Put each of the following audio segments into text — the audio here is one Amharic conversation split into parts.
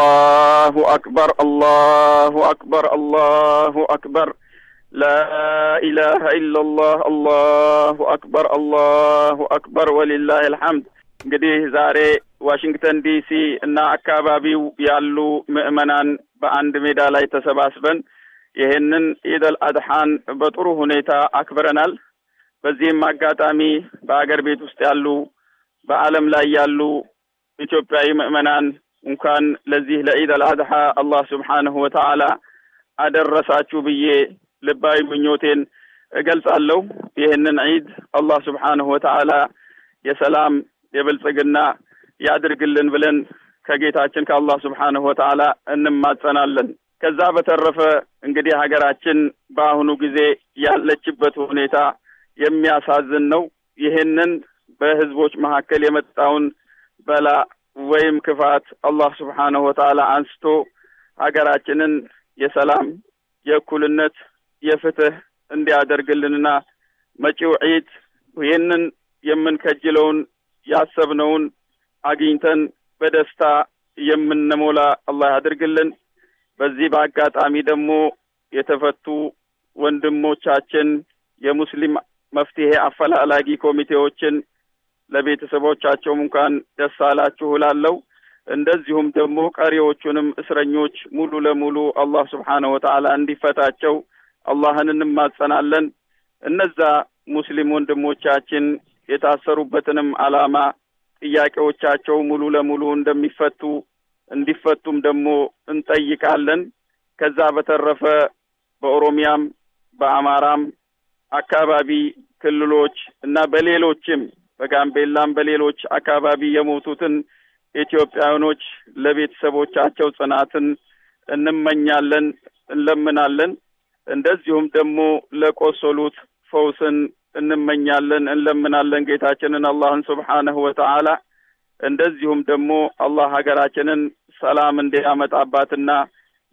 الله أكبر الله أكبر الله أكبر لا إله إلا الله الله أكبر الله أكبر ولله الحمد እንግዲህ ዛሬ ዋሽንግተን ዲሲ እና አካባቢው ያሉ ምዕመናን በአንድ ሜዳ ላይ ተሰባስበን ይህንን ኢደል አድሓን በጥሩ ሁኔታ አክብረናል። በዚህም አጋጣሚ በአገር ቤት ውስጥ ያሉ በአለም ላይ ያሉ ኢትዮጵያዊ ምዕመናን እንኳን ለዚህ ለኢድ አልአድሓ አላህ ስብሓንሁ ወተዓላ አደረሳችሁ ብዬ ልባዊ ምኞቴን እገልጻለሁ። ይህንን ዒድ አላህ ስብሓንሁ ወተዓላ የሰላም የብልጽግና ያድርግልን ብለን ከጌታችን ከአላህ ስብሓንሁ ወተዓላ እንማጸናለን። ከዛ በተረፈ እንግዲህ ሀገራችን በአሁኑ ጊዜ ያለችበት ሁኔታ የሚያሳዝን ነው። ይህንን በህዝቦች መካከል የመጣውን በላ ወይም ክፋት አላህ ስብሓነሁ ወተዓላ አንስቶ ሀገራችንን የሰላም፣ የእኩልነት፣ የፍትህ እንዲያደርግልንና መጪው ዒድ ይህንን የምንከጅለውን ያሰብነውን አግኝተን በደስታ የምንሞላ አላህ ያድርግልን። በዚህ በአጋጣሚ ደግሞ የተፈቱ ወንድሞቻችን የሙስሊም መፍትሄ አፈላላጊ ኮሚቴዎችን ለቤተሰቦቻቸውም እንኳን ደስ አላችሁ እላለሁ። እንደዚሁም ደግሞ ቀሪዎቹንም እስረኞች ሙሉ ለሙሉ አላህ ስብሓነ ወተዓላ እንዲፈታቸው አላህን እንማጸናለን። እነዛ ሙስሊም ወንድሞቻችን የታሰሩበትንም ዓላማ ጥያቄዎቻቸው ሙሉ ለሙሉ እንደሚፈቱ እንዲፈቱም ደግሞ እንጠይቃለን። ከዛ በተረፈ በኦሮሚያም በአማራም አካባቢ ክልሎች እና በሌሎችም በጋምቤላም በሌሎች አካባቢ የሞቱትን ኢትዮጵያውያኖች ለቤተሰቦቻቸው ጽናትን እንመኛለን፣ እንለምናለን። እንደዚሁም ደግሞ ለቆሰሉት ፈውስን እንመኛለን፣ እንለምናለን ጌታችንን አላህን ስብሓነሁ ወተዓላ። እንደዚሁም ደግሞ አላህ ሀገራችንን ሰላም እንዲያመጣባትና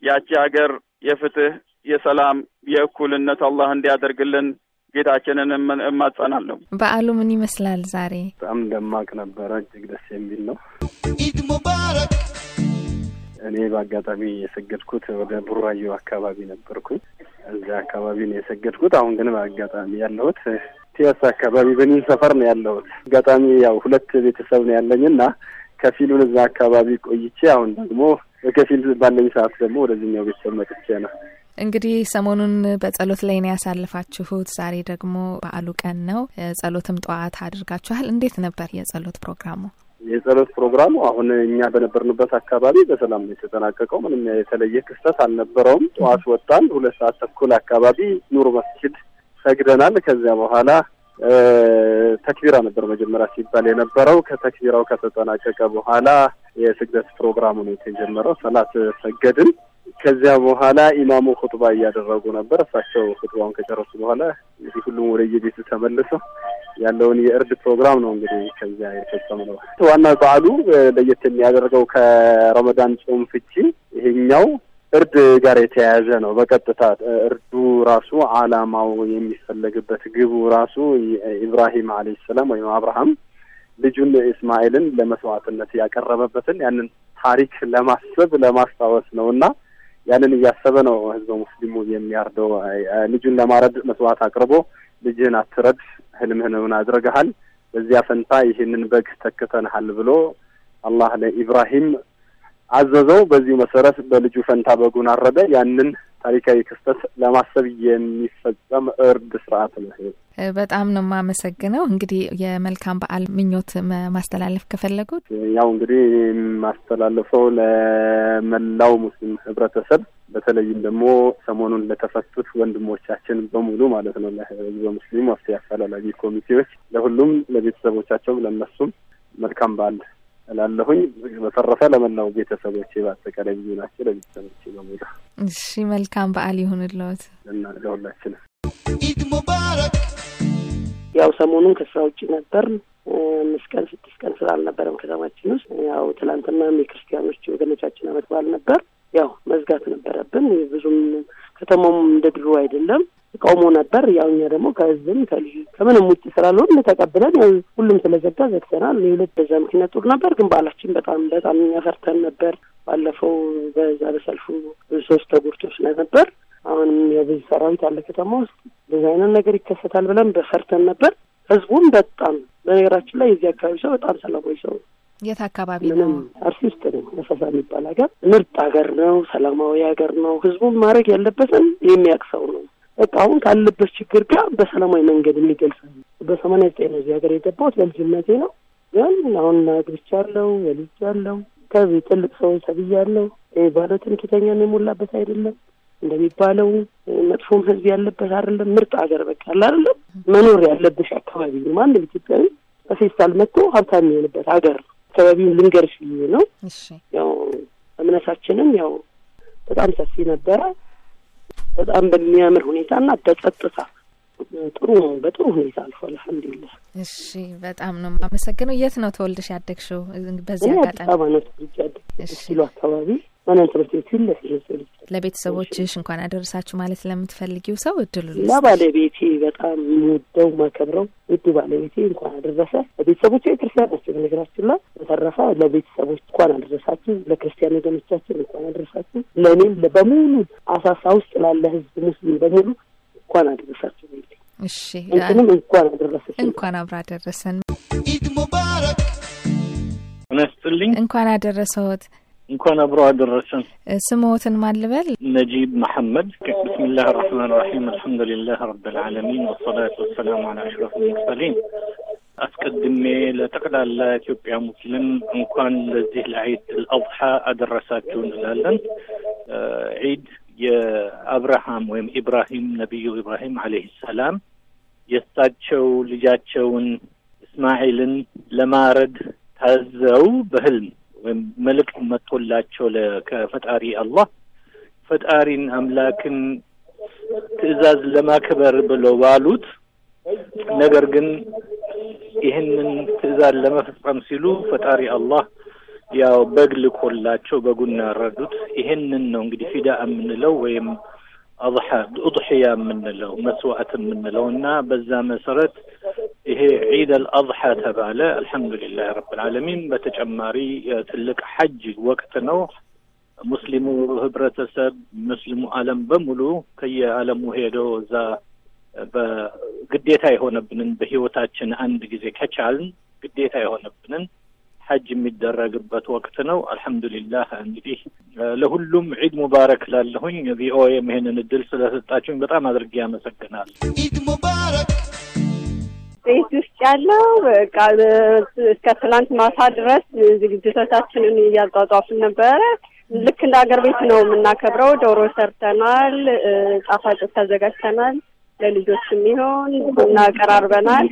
ያቺ ሀገር የፍትህ፣ የሰላም፣ የእኩልነት አላህ እንዲያደርግልን ጌታችንን እማጸናለሁ። በዓሉ ምን ይመስላል? ዛሬ በጣም ደማቅ ነበረ። እጅግ ደስ የሚል ነው። ኢድ ሙባረክ። እኔ በአጋጣሚ የሰገድኩት ወደ ቡራዩ አካባቢ ነበርኩኝ። እዚያ አካባቢ ነው የሰገድኩት። አሁን ግን በአጋጣሚ ያለሁት ፒያሳ አካባቢ በኒን ሰፈር ነው ያለሁት። አጋጣሚ ያው ሁለት ቤተሰብ ነው ያለኝ እና ከፊሉን እዛ አካባቢ ቆይቼ አሁን ደግሞ በከፊል ባለኝ ሰዓት ደግሞ ወደዚህኛው ቤተሰብ መጥቼ ነው እንግዲህ ሰሞኑን በጸሎት ላይ ነው ያሳልፋችሁት። ዛሬ ደግሞ በዓሉ ቀን ነው። ጸሎትም ጠዋት አድርጋችኋል። እንዴት ነበር የጸሎት ፕሮግራሙ? የጸሎት ፕሮግራሙ አሁን እኛ በነበርንበት አካባቢ በሰላም ነው የተጠናቀቀው። ምንም የተለየ ክስተት አልነበረውም። ጠዋት ወጣን፣ ሁለት ሰዓት ተኩል አካባቢ ኑር መስጊድ ሰግደናል። ከዚያ በኋላ ተክቢራ ነበር መጀመሪያ ሲባል የነበረው። ከተክቢራው ከተጠናቀቀ በኋላ የስግደት ፕሮግራሙ ነው የተጀመረው። ሰላት ሰገድን። ከዚያ በኋላ ኢማሙ ሁጥባ እያደረጉ ነበር። እሳቸው ሁጥባውን ከጨረሱ በኋላ እንግዲህ ሁሉም ወደ የቤቱ ተመልሶ ያለውን የእርድ ፕሮግራም ነው እንግዲህ ከዚያ ነው። ዋና በዓሉ ለየት የሚያደርገው ከረመዳን ጾም ፍቺ ይሄኛው እርድ ጋር የተያያዘ ነው። በቀጥታ እርዱ ራሱ ዓላማው የሚፈለግበት ግቡ ራሱ ኢብራሂም አለይሂ ሰላም ወይም አብርሃም ልጁን እስማኤልን ለመስዋዕትነት ያቀረበበትን ያንን ታሪክ ለማሰብ ለማስታወስ ነው እና ያንን እያሰበ ነው ህዝበ ሙስሊሙ የሚያርደው። ልጁን ለማረድ መስዋዕት አቅርቦ ልጅህን አትረድ፣ ህልምህን እውን አድርገሃል፣ በዚያ ፈንታ ይህንን በግ ተክተንሃል ብሎ አላህ ለኢብራሂም አዘዘው። በዚሁ መሰረት በልጁ ፈንታ በጉን አረደ። ያንን ታሪካዊ ክስተት ለማሰብ የሚፈጸም እርድ ስርዓት ነው። በጣም ነው የማመሰግነው። እንግዲህ የመልካም በዓል ምኞት ማስተላለፍ ከፈለጉት ያው እንግዲህ የማስተላለፈው ለመላው ሙስሊም ህብረተሰብ በተለይም ደግሞ ሰሞኑን ለተፈቱት ወንድሞቻችን በሙሉ ማለት ነው ለህዝበ ሙስሊም መፍትሄ አፈላላጊ ኮሚቴዎች፣ ለሁሉም ለቤተሰቦቻቸው፣ ለነሱም መልካም በዓል እላለሁኝ። በተረፈ ነው ቤተሰቦቼ በአጠቃላይ ብዙ ናቸው፣ ለቤተሰቦቼ በሙላ እሺ፣ መልካም በዓል ይሁንልዎት እና ለሁላችንም ኢድ ሙባረክ። ያው ሰሞኑን ከስራ ውጭ ነበር። አምስት ቀን ስድስት ቀን ስራ አልነበረም ከተማችን ውስጥ። ያው ትላንትና የክርስቲያኖች ወገኖቻችን አመት በዓል ነበር። ያው መዝጋት ነበረብን። ብዙም ከተማውም እንደ ድሮ አይደለም። ቆሞ ነበር። ያው እኛ ደግሞ ከህዝብም ከልዩ ከምንም ውጭ ስላልሆን ተቀብለን ያው ሁሉም ስለዘጋ ዘግተናል። የሁለት በዛ ምክንያት ጡር ነበር፣ ግን በዓላችን በጣም በጣም ያፈርተን ነበር። ባለፈው በዛ በሰልፉ ብዙ ሰዎች ተጎድቶ ስለነበር አሁንም የብዙ ሰራዊት አለ ከተማ ውስጥ ብዙ አይነት ነገር ይከሰታል ብለን በፈርተን ነበር። ህዝቡም በጣም በነገራችን ላይ የዚህ አካባቢ ሰው በጣም ሰላማዊ ሰው የት አካባቢ ነው? አርሲ ውስጥ ነው። መሳሳ የሚባል ሀገር ምርጥ ሀገር ነው። ሰላማዊ ሀገር ነው። ህዝቡም ማድረግ ያለበትን የሚያውቅ ሰው ነው። በቃ አሁን ካለበት ችግር ጋር በሰላማዊ መንገድ የሚገልጽ በሰማንያ ዘጠኝ ነው እዚህ ሀገር የገባሁት በልጅነቴ ነው። ግን አሁን አግብቻለሁ፣ ወልጃለሁ፣ ከዚህ ትልቅ ሰው ተብያለሁ። ባለ ነው የሞላበት አይደለም እንደሚባለው መጥፎም ህዝብ ያለበት አይደለም። ምርጥ ሀገር በቃ አለ አይደለም መኖር ያለብሽ አካባቢ ነው። አንድ ኢትዮጵያዊ በፌስታል መጥቶ ሀብታም የሚሆንበት ሀገር ነው። አካባቢውን ልንገርሽ ነው። ያው እምነታችንም ያው በጣም ሰፊ ነበረ። በጣም በሚያምር ሁኔታ እና በጸጥታ ጥሩ በጥሩ ሁኔታ አልፎ አልሐምዱሊላህ። እሺ፣ በጣም ነው የማመሰግነው። የት ነው ተወልደሽ ያደግሽው? በዚህ አጋጣሚ ነው ተወልጄ ያደግሽው አካባቢ ሆነን ትምህርት ቤት ፊት ለፊት ነው። ለቤተሰቦችሽ እንኳን አደረሳችሁ ማለት ለምትፈልጊው ሰው እድሉ እና ባለቤቴ በጣም የምወደው ማከብረው ውዱ ባለቤቴ እንኳን አደረሰ። ለቤተሰቦች ክርስቲያን ናቸው በነገራችን ላይ። በተረፈ ለቤተሰቦች እንኳን አደረሳችሁ፣ ለክርስቲያን ወገኖቻችን እንኳን አደረሳችሁ። ለእኔም በሙሉ አሳሳ ውስጥ ላለ ህዝብ ሙስሊም በሙሉ እንኳን አደረሳችሁ። እሺ እንትንም እንኳን አደረሰ እንኳን አብራ አደረሰን። ኢድ ሙባረክ ነስትልኝ እንኳን አደረሰዎት። እንኳን አብሮ አደረሰን። ስምዎትን ማን ልበል? ነጂብ መሐመድ። ብስም ላህ ራሕማን ራሒም አልሐምዱሊላህ ረብልዓለሚን ወሰላቱ ወሰላሙ አላ አሽረፍ ልሙርሰሊን። አስቀድሜ ለጠቅላላ ኢትዮጵያ ሙስሊም እንኳን ለዚህ ለዒድ አልአድሓ አደረሳችሁ እንላለን። ዒድ የአብርሃም ወይም ኢብራሂም ነቢዩ ኢብራሂም አለይሂ ሰላም የእሳቸው ልጃቸውን እስማዒልን ለማረድ ታዘው በህልም ወይም መልእክት መጥቶላቸው ከፈጣሪ አላህ ፈጣሪን አምላክን ትዕዛዝ ለማክበር ብለው ባሉት ነገር ግን ይህንን ትዕዛዝ ለመፈጸም ሲሉ ፈጣሪ አላህ ያው በግ ልኮላቸው በጉና ያረዱት። ይህንን ነው እንግዲህ ፊዳ የምንለው ወይም እضሕያ የምንለው መስዋዕት የምንለው እና በዛ መሰረት ይሄ ዒድ አልአضሓ ተባለ። አልሐምዱሊላህ ረብልዓለሚን። በተጨማሪ ትልቅ ሐጅ ወቅት ነው። ሙስሊሙ ህብረተሰብ፣ ሙስሊሙ ዓለም በሙሉ ከየዓለሙ ሄደው እዛ በግዴታ የሆነብንን በህይወታችን አንድ ጊዜ ከቻልን ግዴታ የሆነብንን ሀጅ የሚደረግበት ወቅት ነው። አልሐምዱሊላህ እንግዲህ ለሁሉም ዒድ ሙባረክ ላለሁኝ ቪኦኤም ይሄንን እድል ስለሰጣችሁኝ በጣም አድርጌ ያመሰግናል። ዒድ ሙባረክ። ቤት ውስጥ ያለው በቃ እስከ ትላንት ማታ ድረስ ዝግጅቶቻችንን እያጧጧፍን ነበረ። ልክ እንደ ሀገር ቤት ነው የምናከብረው። ዶሮ ሰርተናል፣ ጣፋጮች አዘጋጅተናል፣ ለልጆች የሚሆን ቡና አቀራርበናል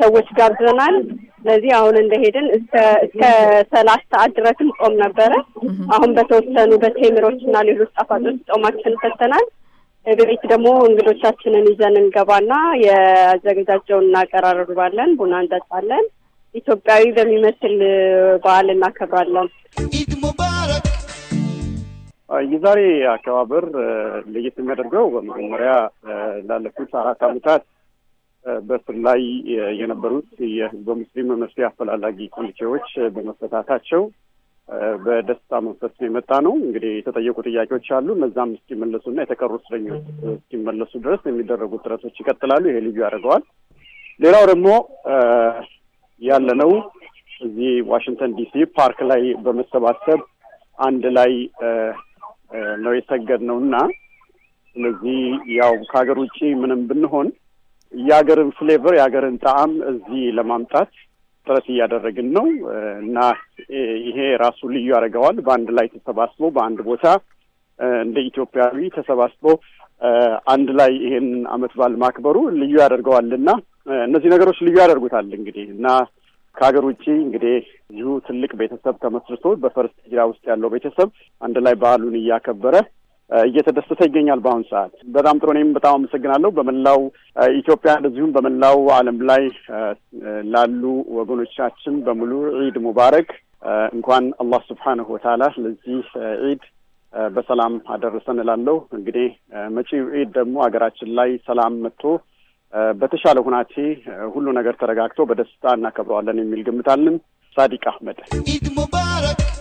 ሰዎች ጋብዘናል። ስለዚህ አሁን እንደሄድን እስከ ሰላሳ ሰዓት ድረስም ጾም ነበረ። አሁን በተወሰኑ በቴምሮች እና ሌሎች ጣፋጮች ጾማችን ፈተናል። ቤት ደግሞ እንግዶቻችንን ይዘን እንገባና የዘገጃጀውን እናቀራርባለን፣ ቡና እንጠጣለን። ኢትዮጵያዊ በሚመስል በዓል እናከብራለን። የዛሬ አከባበር ለየት የሚያደርገው በመጀመሪያ ላለፉት አራት ዓመታት በእስር ላይ የነበሩት የህዝበ ሙስሊም መፍትሄ አፈላላጊ ኮሚቴዎች በመፈታታቸው በደስታ መንፈስ ነው የመጣ ነው። እንግዲህ የተጠየቁ ጥያቄዎች አሉ። እነዛም እስኪመለሱና የተቀሩ እስረኞች እስኪመለሱ ድረስ የሚደረጉ ጥረቶች ይቀጥላሉ። ይሄ ልዩ ያደርገዋል። ሌላው ደግሞ ያለነው እዚህ ዋሽንግተን ዲሲ ፓርክ ላይ በመሰባሰብ አንድ ላይ ነው የሰገድ ነው እና ስለዚህ ያው ከሀገር ውጭ ምንም ብንሆን የሀገርን ፍሌቨር የሀገርን ጣዕም እዚህ ለማምጣት ጥረት እያደረግን ነው እና ይሄ ራሱ ልዩ ያደርገዋል። በአንድ ላይ ተሰባስቦ በአንድ ቦታ እንደ ኢትዮጵያዊ ተሰባስቦ አንድ ላይ ይሄን አመት በዓል ማክበሩ ልዩ ያደርገዋል እና እነዚህ ነገሮች ልዩ ያደርጉታል እንግዲህ እና ከሀገር ውጭ እንግዲህ ይሁ ትልቅ ቤተሰብ ተመስርቶ በፈርስት ጅራ ውስጥ ያለው ቤተሰብ አንድ ላይ በዓሉን እያከበረ እየተደሰተ ይገኛል። በአሁኑ ሰዓት በጣም ጥሩ። እኔም በጣም አመሰግናለሁ። በመላው ኢትዮጵያ እንደዚሁም በመላው ዓለም ላይ ላሉ ወገኖቻችን በሙሉ ዒድ ሙባረክ። እንኳን አላህ ስብሓነሁ ወተዓላ ለዚህ ዒድ በሰላም አደረሰን እላለሁ። እንግዲህ መጪው ዒድ ደግሞ ሀገራችን ላይ ሰላም መጥቶ በተሻለ ሁናቴ ሁሉ ነገር ተረጋግቶ በደስታ እናከብረዋለን የሚል ግምት ሳዲቅ አህመድ ሙባረክ